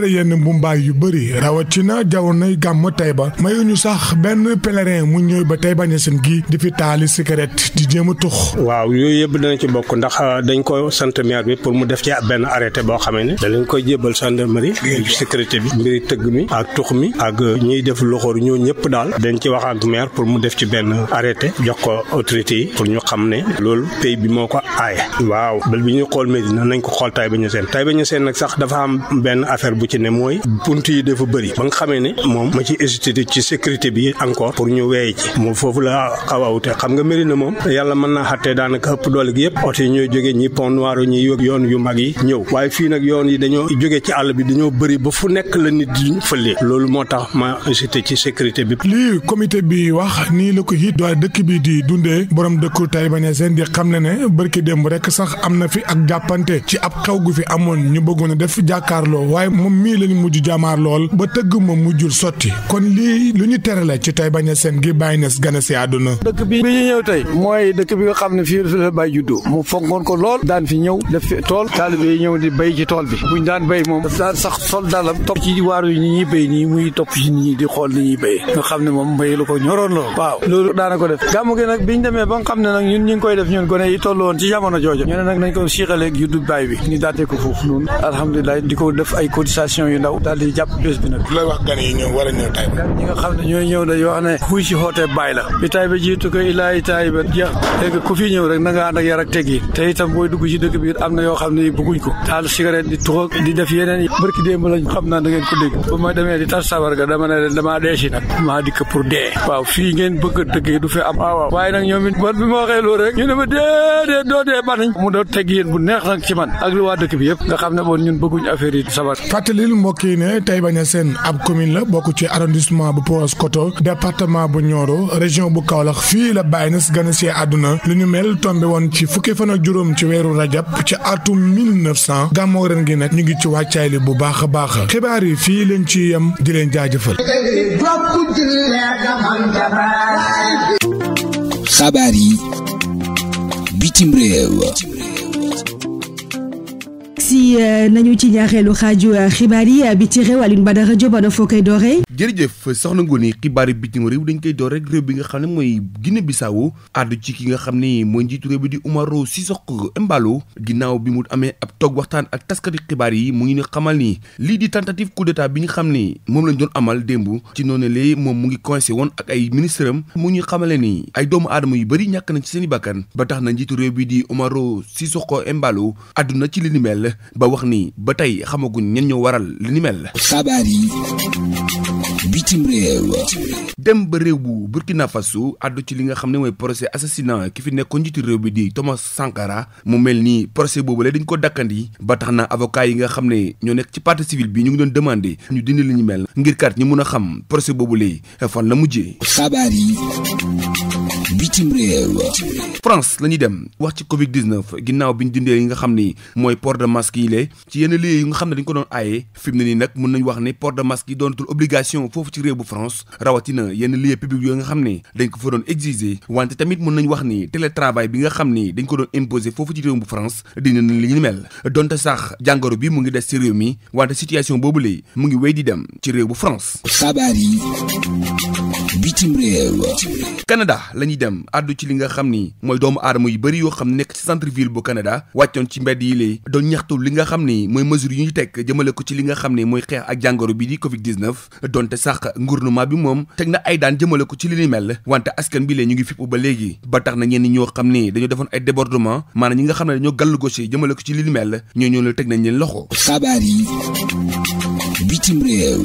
tere yenn mbumbaay yu bëri rawatina jamonoy gàmm Taïba mayuñu sax benn pèlerin mu ñëw ba Taïba Niassène gi di fi taali cigarette di jéem a tux. waaw yooyu yëpp dana ci bokk ndax euh, dañ ko sant maire bi pour mu def ci benn arrêté boo xamee ne danañ koy jébal gendarmerie sécurité bi mbiri tëgg mi ak tux mi ak euh, ñiy def loxoor ñoo ñëpp daal dañ ci wax ak pour mu def ci benn arrêté jox ko autorité yi pour ñu xam ne loolu pays bi moo ko aaye waaw bal bi ñu xool Medina nañ ko xool Taïba Niassène Taïba Niassène nag sax dafa am benn affaire bu ci ne mooy bunt yi dafa bëri ba nga xamee ne moom ma ci hésité ci sécurité bi encore pour ñu weeye ci moom foofu la xaw a xam nga Médina moom yàlla mën naa xattee daanaka ëpp doole gi yëpp oto yi ñooy jógee ñi pont noir ñi yóg yoon yu mag yi ñëw waaye fii nag yoon yi dañoo jóge ci àll bi dañoo bëri ba fu nekk la nit di fële loolu moo tax ma hésité ci sécurité bi lii comité bi wax nii la ko it doole dëkk bi di dundee borom dëkku Taïba Niassène di xam ne ne barki démb rek sax am na fi ak jàppante ci ab xew gu fi amoon ñu bëggoon a def jàkkaarloo mii lañ mujj jàmmaar lool ba tëgg ma mujjul sotti kon lii lu ñu tere la ci tey bañ a seen gi bàyyi nes gane si àdduna dëkk bi bi ñu ñëw tey mooy dëkk bi nga xam ne fii la mu fonkoon ko lool daan fi ñëw def fi tool taalibe yi ñëw di béy ci tool bi buñ daan béy moom daf daan sax sol dalam topp yi ni ñuy béy nii di xool ni ñuy béy nga xam ko ñoroon lool waaw loolu daana ko def gàmmu gi nag biñ demee ba nga xam ne nag ñun ñu koy def ñun gone yi toll woon ci jamono joojo ñu nag nañ ko siixaleeg juddu baay bi ñu daatee ko foofu noonu alhamdulilah di ko def ay cotisation délégation yu jàpp bés bi nag looy wax gan yi ñëw war a ñëw Taïba ñi nga xam ne ñooy ñëw dañuy wax ne xuy si xootee bàyyi la bi Taïba jiitu ko fi ñëw rek na nga ànd ak yar ak teg yi te itam booy dugg ci dëkk bi am na yoo xam ne bëgguñ ko taal cigarette di tuxoo di def yeneen barki démb lañ xam naa da ngeen ko dégg ba ma demee di tas sabarga dama ne leen damaa dee si nag maa dikk pour dee waaw fii ngeen bëgg dëkk du fi am waaw ah, waaw waaye nag ñoom it man bi ma waxee mu doon teg yéen bu neex nag ci man ak lu waa dëkk bi yëpp nga ñun bëgguñ affaire yi sabar dalil mbokk yi ne Taïba seen ab commune la bokk ci arrondissement bu Paoskoto département bu Nioro région bu kawlax fii la Baye Niass gën a àdduna lu ñu mel tombe woon ci fukki fan ak juróom ci weeru rajab ci atum 1900 gàmmoo ren gi nag ñu ngi ci wàccaay li bu baax a baax xibaar yi fii leen ci yem di leen jaajëfal. xabaar yi bitim réew. ci euh, nañu ci ñaareelu xaaju euh, xibaar yi bi ci réew ba dara Diop ana foo koy dooree jërëjëf soxna Ngoné xibaaru bitim réew dañ koy door rek réew bi nga xam ne mooy Guinée Bissau àddu ci ki nga xam ne mooy njiitu réew bi di Umaro Sissoco Embaló ginnaaw bi mu amee ab toog waxtaan ak taskati xibaar yi mu ngi ñu xamal ni lii di tentative coup d'état bi nga xam ne moom lañ doon amal démb ci noonu lee moom mu ngi coincé woon ak ay ministre am mu ñu xamale ni ay doomu aadama yu bëri ñàkk nañ ci seen i bakkan ba tax na njiitu réew bi di Umaro Sissoco Embaló àdduna ci li ni mel ba wax nii ba tey xamaguñ ñen ñoo waral li ni mel xabaar yi bitim réew dem ba réew bu Burkina Faso àddu ci li nga xam ne mooy procès assassinat ki fi nekkoon njiitu réew bi di Thomas Sankara mu mel nii boobu boobule dañ ko dakkandi ba tax na avocat yi nga xam ne ñoo nekk ci partie civile bi ñu ngi doon demandé ñu dindi li ñu mel ngir kat ñu mun a xam boobu boobule fan la mujjee. xabaar yi. bitim réew France la ñuy dem wax ci Covid 19 ginnaaw bi ñu dindee yi nga xam ni mooy port de masque ci yenn lieu xam ne dañ ko doon aaye fi mu ne nii nag mun nañu wax ne port de masque yi doonatul obligation. situation foofu ci réew bu France rawatina yenn lieu public yoo nga xam ne dañ ko fa doon exiger wante tamit mën nañ wax ni télétravail bi nga xam ni dañ ko doon imposer foofu ci réew bu France dina na li ñu mel donte sax jàngoro bi mu ngi des ci réew mi wante situation boobu lay mu ngi wéy di dem ci réew bu France. bitim réew Canada la dem àddu ci li nga xam ni mooy doomu aadama yu bëri yoo xam ne nekk ci centre ville bu kanada wàccoon ci mbedd yi lay doon ñaxtu li nga xam ni mooy mesure yu ñu teg jëmale ko ci li nga xam ne mooy xeex ak jàngoro bi di Covid 19 donte sax gouvernement bi moom teg na ay daan jëmale ko ci li ni mel wante askan bi lee ñu ngi fippu ba léegi ba tax na ñenn ñoo xam ni dañoo defoon ay débordement maanaam ñi nga xam ne dañoo gàllu gauche jëmale ko ci li ni mel ñoo ñoo lu teg nañ leen loxo xabaar yi bitim réew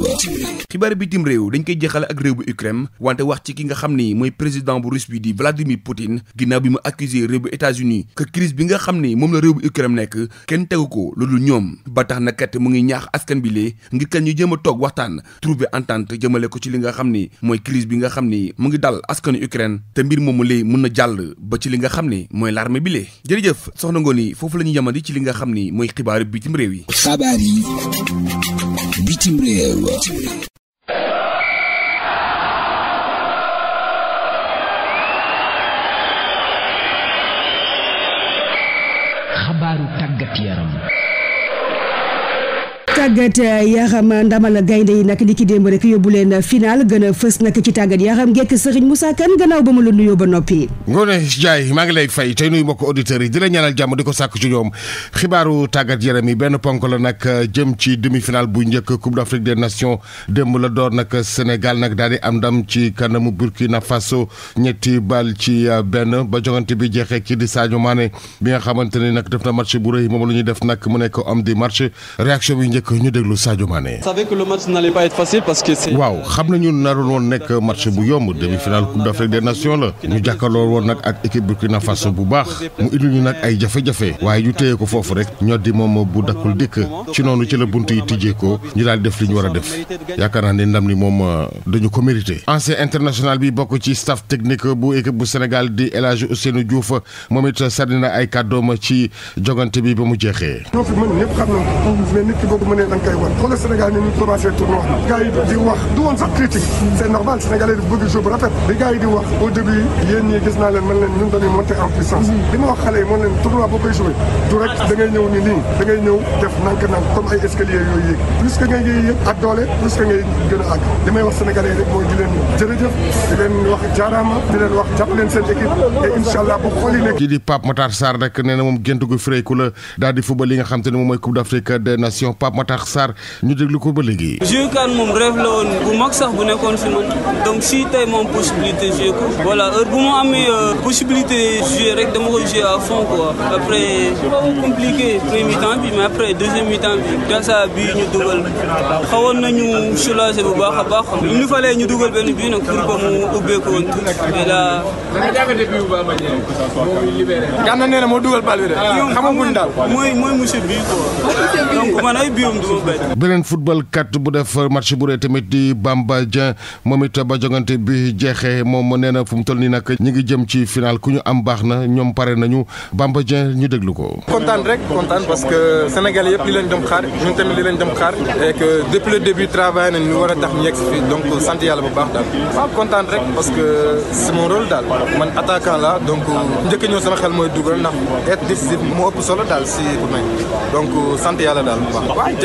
xibaar bitim réew dañ koy jeexale ak réew bu Ukraine wante wax ci ki nga xam ni mooy président bu russe bi di Vladimir Poutine ginnaaw bi mu accusé réew bu États-Unis que crise bi nga xam ni moom la réew bu Ukraine nekk kenn tegu ko loolu ñoom ba tax na kat mu ngi ñaax askan bi lee ngir kan ñu jëm a toog waxtaan trouver entente jëmale ko ci li nga xam ni mooy crise bi nga xam ni mu ngi dal askanu Ukraine te mbir moomu lee mën na jàll ba ci li nga xam ni mooy l'armée bi lee jërëjëf soxna Ngoné foofu la ñuy yamandi ci li nga xam ni mooy xibaaru bitim réew yi bitim réew xabaaru tàggat yaram tàggat eh, yaram ndamal gaynde yi nag li ki démb rek yóbbu leen final gën a fës nag ci tàggat yaram ngekk Serigne Moussa Kane gannaaw ba mu la nuyoo ba noppi. Ngoné Ndiaye maa ngi lay fay tey nuyu mbokk auditeurs yi di la ñaanal jàmm di ko sàkk ci ñoom xibaaru tàggat yaram benn ponk la nag eh, jëm ci demi final bu njëkk Coupe d'Afrique des Nations démb la door nag eh, Sénégal nag daal di am ndam ci kanamu Burkina Faso ñetti bal ci benn ba jogante bi jeexee kii di Sadio Mané bi nga xamante ne nag def na match bu rëy la ñuy def nag mu nekk homme du match réaction bi rek ñu déglu Sadio Mané. savait que parce que waaw xam na ñu naroon woon nekk match bu yomb demi-finale Coupe d'Afrique des Nations la ñu jàkkaarloo woon nag ak équipe Burkina Faso bu baax mu indil ñu nag ay jafe-jafe waaye ñu téye ko foofu rek ñoo di moom bu dakkul dikk ci noonu ci la bunt yi tijjee ko ñu daal def li ñu war a def yaakaar naa ne ndam li moom euh, dañu ko mérité. international bi bokk ci staf technique bu équipe bu Sénégal di El Hadji Ousseynou Diouf moom it sànni na ay kàddoom ci jogante bi ba mu jeexee. mu ne da nga koy wan xoolal Sénégal ni ñu commencé tournoi bi gars yi di wax du woon sax critique c'est normal sénégalais dafa bëgg jeu bu rafet bi gars yi di wax au début yéen ñii gis naa leen man leen ñun dañuy monter en puissance bi mm-hmm. ma wax xale yi moo leen tournoi boo koy joué du rek da ngay ñëw ni nii da ngay ñëw def nank-nank comme ay escalier yooyu yéeg plus que ngay ngay yëg ak doole plus que ngay gën a àgg li may wax sénégalais yi rek mooy di leen jërëjëf di leen wax jaaraama di leen wax jàpp leen seen équipe et incha allah bu xooli nekk kii di Pape Matar Sarr rek nee na moom gént gu fréyku la daal di fubal li nga xam te ne moom mooy Coupe d'Afrique des Nations Pape tax Sarr ñu déglu ko ba léegi. joué kaan moom rêve la woon bu mag sax bu nekkoon si man donc si tey moom possibilité joué ko voilà heure bu ma amee euh, possibilité joué rek dama ko joué à a quoi après compliqué premier mi-temps bi mais après deuxième mi-temps bi grâce à bii ñu dugal xawoon nañu soulagé bu baax a baax il nous fallait ñu dugal benn bii nag pour que mu ubbeeku woon tuuti mais là. gànnaaw nee na moo dugal bal bi de. Ah, mooy mooy monsieur bii quoi donc man ay biiw beneen football kat bu def match bu rëy tamit di Bamba Dieng moom ba jogante bi jeexee moom nee na fu mu toll nii nag ñu ngi jëm ci final ku ñu am baax na ñoom pare nañu Bamba Dieng ñu déglu ko. kontaan rek kontaan parce que Sénégal yëpp li lañ doon xaar ñun tamit li lañ doon xaar et que depuis début travail nañ lu war a tax ñu yegg si donc sant yàlla bu baax daal. waaw kontaan rek parce que c'est mon daal man attaquant la donc njëkk ñëw sama xel mooy dugal ndax solo daal si yàlla daal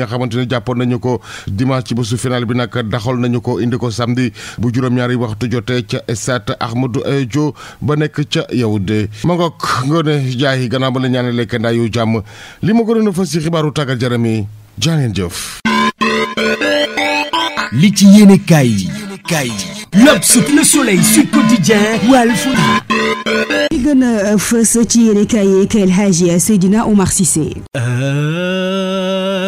nga xamante ne jàppoon nañu ko dimanche ci bésu final bi nag daxal nañu ko indi ko samedi bu juróom-ñaari waxtu jotee ca stade Ahmadou Dio ba ma ngoog ba la ñaanalee kandaa yu jàmm ma gënoon a fas ci xibaaru tàggat jaram yi jaangeen jëf li ci yéene kaay yi kaay yi L'Obs, Le Soleil, Sud Quotidien, Walf li gën a fës ci yéene kaay yi El Hadji Seydina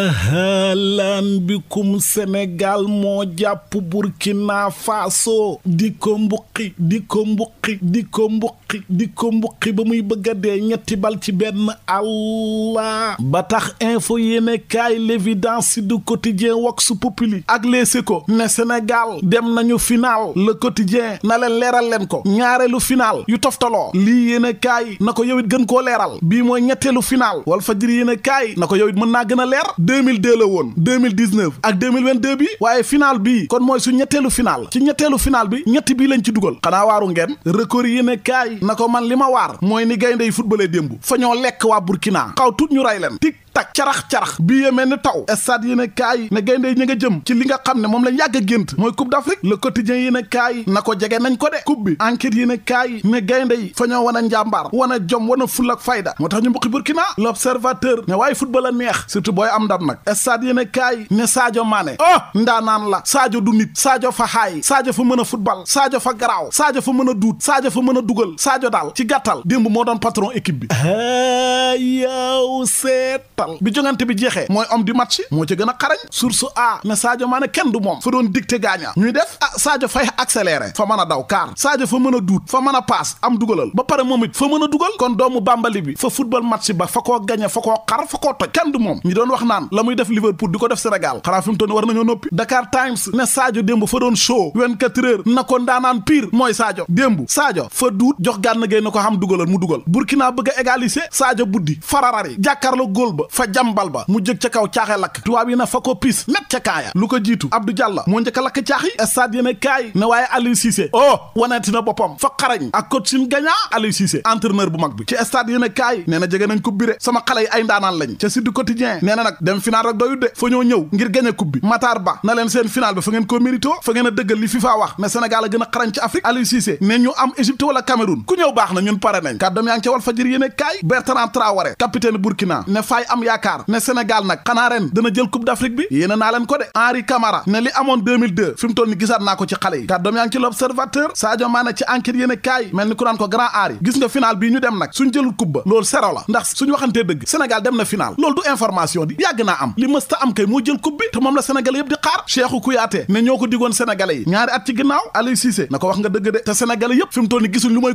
ahalaan bikum Sénégal moo jàpp Burkina Faso di ko mbuqi di ko mbuqi di ko mbuqi di ko mbuqi ba muy bëgg a dee ñetti bal ci benn allah ba tax info yéene kaay l'évidence du quotidien Vox Populi ak Les Échos ne Sénégal dem nañu final le quotidien na leen leeral leen ko ñaareelu final yu toftaloo lii yéene kaay na ko yow gën koo leeral bii mooy ñetteelu final Walfadjri yéene kaay na ko yow mën naa gën a leer 2002 la woon 2019 ak 2022 bi waaye final bi kon mooy su ñetteelu final ci ñetteelu final bi ñetti bii lañ ci dugal xanaa waaru ngeen record yi kaay na ko man li ma waar mooy ni gaynde yi footballé démb fa ñoo lekk waa Burkina xaw tut ñu ray leen tik tak carax-carax bii yee mel ni taw stade yéen a kaay ne gayndey ña nga jëm ci li nga xam ne moom lañ yàgg a gént mooy coupe d'Afrique le quotidien yéen a kaay na ko jege nañ ko de coupe bi enquête yéen a kaay ne gayndey fa ñoo wan a njàmbaar wan a jom wan a ful ak fayda moo tax ñu mbuqi burkina l'observateur ne waaye football a neex surtout booy am ndam nag stade yéen a kaay ne Sadio Mané oh la saajo du nit saajo fa xaay saajo fa mën a football saajo fa garaaw saajo fa mën a duut saajo fa mën a dugal Sadio daal ci gàttal démb moo doon patron équipe bi yow jàppal bi jongante bi jeexee mooy homme du match moo ci gën a xarañ source a ne Sadio Mané kenn du moom fa doon dicté gaaña ñuy def ah Sadio fay accéléré fa mën a daw kaar Sadio fa mën a duut fa mën a paas am dugalal ba pare moom it fa mën a dugal kon doomu bàmbali bi fa football match ba fa koo gañe fa koo xar fa koo toj kenn du moom ñu doon wax naan la muy def Liverpool di ko def Sénégal xanaa fi mu toll war nañoo noppi Dakar Times ne Sadio démb fa doon show 24 heures na ko ndaanaan pire mooy Sadio démb Sadio fa duut jox gànn gay na ko xam dugalal mu dugal Burkina bëgg a égaliser Sadio buddi fararari jàkkaarloo góol ba fa jàmbal ba mu jëg ca kaw caaxe lakk tubaab yi na fa ko pis lépp ca kaaya lu jiitu Abdou Diallo moo a lakk caax yi stade yéen ne waaye Aliou Cissé oh waneeti na boppam fa xarañ ak coach sin gagnant Aliou Cissé entraîneur bu mag bi ci stade yéen kaay nee na jege nañ coupe sama xale yi ay ndaanaan lañ ca Sud Quotidien nee na nag dem final rek de fa ñoo ñëw ngir gañ coupe bi Ba na leen seen final bi fa ngeen ko mérito fa ngeen a dëggal li FIFA wax ne Sénégal a a xarañ ci na yaakaar ne Sénégal nag xanaa ren jël coupe d'Afrique bi yéena naa leen ko de Henri Camara ne li amoon 2002 fi mu naa ko ci xale yi kàddoom yaa ngi ci l'Observateur Sadio Mané ci enquête yéen a kaay mel ni ku ko grand Henri gis nga final bii ñu dem nag suñ jëlul coupe ba loolu sero la ndax suñu waxantee dëgg Sénégal dem na final loolu du information di yàgg naa am li mësta am kay moo jël coupe bi te la Sénégal yëpp di xaar Cheikhou Kouyaté ne ñoo ko digoon Sénégalais yi ñaari na ko wax nga dëgg de te Sénégalais yëpp fi mu toll ni gisuñ lu mooy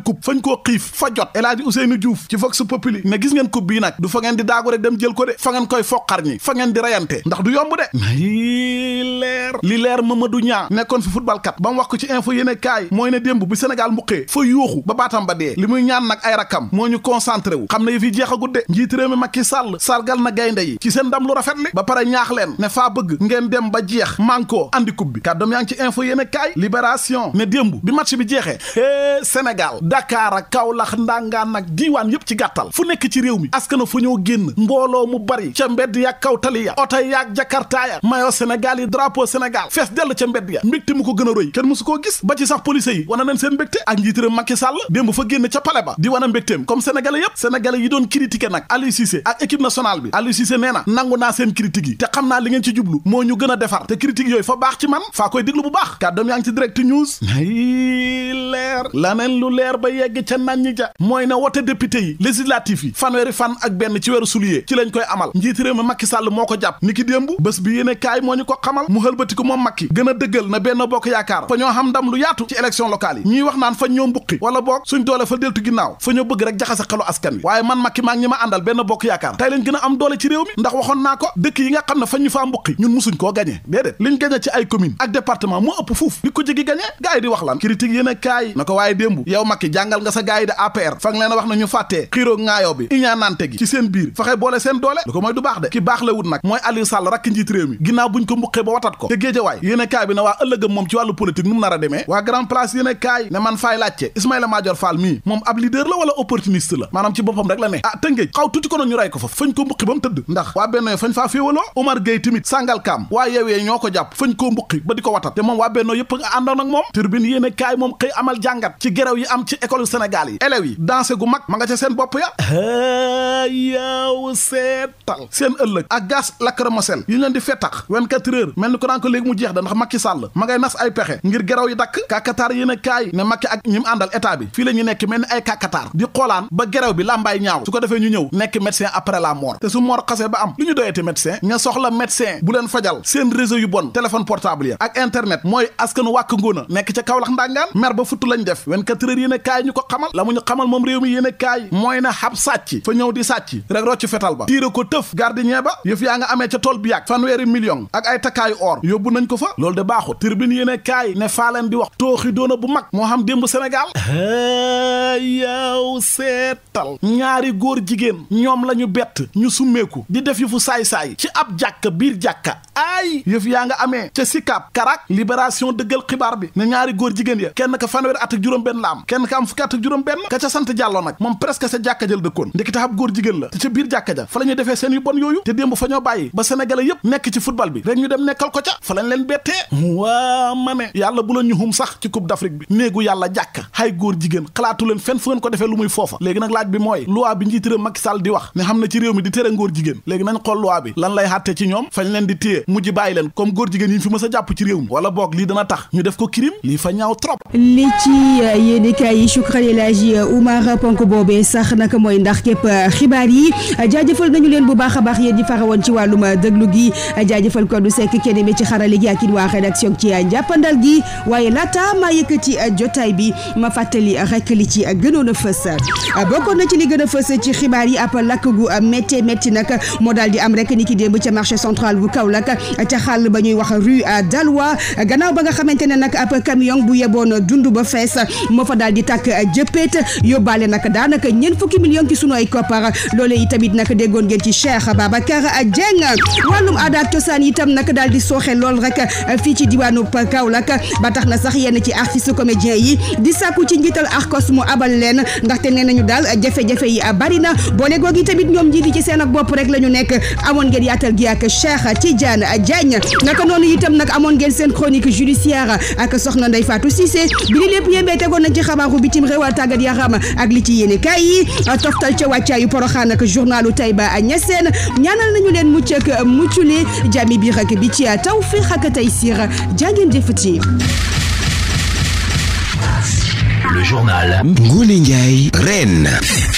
ko de fa koy foqar ñi fa ngeen di reyante ndax du yomb de li leer li leer Mamadou Niang nekkoon fi football kat ba mu wax ko ci info yéene kaay mooy ne démb bi senegal mbuqee fa yuuxu ba baatam ba dee li muy ñaan nag ay rakkam moo ñu concentré wu xam na yi fi jeexagut de njiit réew mi Macky Sall sargal na gaynde yi ci seen ndam lu rafet li ba pare ñaax leen ne faa bëgg ngeen dem ba jeex mànkoo andi coupe bi kàddoom yaa ngi ci info yéene kaay libération ne démb bi match bi jeexee é eh, Sénégal Dakar ak Kaolack ndangaan nag diiwaan yépp ci gàttal fu nekk ci réew mi askana fu ñoo génn mbooloo mbooloo mu bari ca mbedd ya kaw tali ya oto yaag jakartaaya mayo sénégal yi drapeau sénégal fees dell ca mbedd ya mbégte mu ko gën a kenn musu koo gis ba ci sax police yi wana neen seen mbégte ak njiitëram Macky Sall démb fa génn ca pale ba di wana mbégteem comme sénégalais yépp sénégalais yi doon critiquer nag Aliou Cissé ak équipe nationale bi Aliou Cissé nee na nangu naa seen critique yi te xam naa li ngeen ci jublu moo ñu gën defar te critique yooyu fa baax ci lu leer ba yegg ca nañ ñi na wote député yi législatif yi fanweeri fan ak benn ci weeru sulier ci lañ dañ koy amal njiit réew mi Macky Sall moo ko jàpp ni ki démb bés bi yéene kaay moo ñu ko xamal mu hëlbatiku moom Macky gën a dëggal na benn bokk yaakaar fa ñoo xam ndam lu yaatu ci élection locale yi ñuy wax naan fa ñoo mbuqi wala boog suñ doole fa deltu ginnaaw fa ñoo bëgg rek jaxase xelu askan wi waaye man Macky maa ñi ma àndal benn bokk yaakaar tey lañ gën a am doole ci réew mi ndax waxoon naa ko dëkk yi nga xam ne fa ñu faa mbuqi ñun musuñ koo gañe bi iñaanante leen doole lu ko mooy du baax de ki baax la wut nag moom ci wàllu politique nu mu nar a ah yi am yi élèves gu mag ma ca seen bopp ya féetal seen ëllëg ak gaz lacrymogène yi ñu leen di fettax 24 heures mel ni ko daan ko léegi mu jeex da ndax Macky Sall ma nas ay pexe ngir geraw yi dakk kàkkataar yéen a kaay ne Macky ak ñi àndal état bi fii la nekk mel ni ay kàkkataar di xoolaan ba geraw bi làmbaay ñaaw su ko defee ñu ñëw nekk médecin après la mort te su mort xasee ba am lu ñu doyeete médecin ña soxla médecin bu leen fajal seen réseau yu bon téléphone portable ya ak internet mooy fiire ko tëf gardien ba yëf yaa nga amee ca tool bi yàgg fanweeri million ak ay takkaayu or yóbbu nañ ko fa loolu de baaxut tribune yéene kaay ne faa leen di wax tooxi doona bu mag moo xam démb Sénégal yaw seetal ñaari góor jigéen ñoom la ñu bett ñu summeeku di def fu saay-saay ci ab jàkka biir jàkka ay yëf yaa nga amee ca Sicap Karak Libération dëggal xibaar bi ne ñaari góor jigéen ya kenn ka fanweeri at ak juróom-benn la am kenn ka am fukki at benn ka sant Jàllo nag moom presque sa jàkka jël dëkkoon ndekete góor jigéen la te biir jàkka ñu defee seen yu bon yooyu ne la ñu xum sax ci coupe d'Afrique bi néegu yàlla xam na ci réew mi di tere ngóor jigéen léegi nañ xool loi bi lan lay xàtte ci ñoom fañ leen di téye mujj bàyyi leen comme góor jigéen yi fi mës a jàpp ci réew mi wala boog lii dana tax ñu def ko crime lii fa ñaaw trop li ci euh, yéenekaay yi Choukran El Hadji euh, ponk boobee sax naka mooy ndax képp euh, xibaar yi jaajëfal nañu leen bu baax a baax yéen ñi farawoon ci wàllum déglu gi jaajëfal Codou Seck kenn mi ci xarale gi ak it waa rédaction ci njàppandal gi waaye laata maa yëkkati jotaay bi ma fàttali rek li ci gënoon a fës bokkoon na ci li gën a fës ci xibaar yi ab lakk gu métti métti nag moo daal di am rek ni ki démb ca marché central bu Kaolack ca xàll ba ñuy wax rue Dalwa gannaaw ba nga xamante ne nag ab camion bu yeboon dund ba fees moo fa daal di tàkk jëppeet yóbbaale nag daanaka ñeent fukki million ci sunu ay ngeen ci Cheikh Babacar Dieng wàllum aada cosaan itam nag daal di sooxe lool rek fii ci diwaanu Kaolack ba tax na sax yenn ci artiste comédien yi di sàkku ci njiital Arcos mu abal leen ndaxte nee nañu daal jafe-jafe yi bari na boole googu tamit ñoom njiit yi ci seen ak bopp rek la ñu nekk amoon ngeen yaatal gi ak Cheikh Tidiane Diagne naka noonu itam nag amoon ngeen seen chronique judiciaire ak soxna Ndeye Fatou Cissé bi li lépp yembee tegoon nañ ci xabaaru bitim réew tàggat yaram ak li ci yéene Niassène ñaanal nañu leen mucc ak muccule jàmmi biir ak bi ci tawfiq ak taysir jàngeen jëfati Le journal Ngoné Ndiaye Reine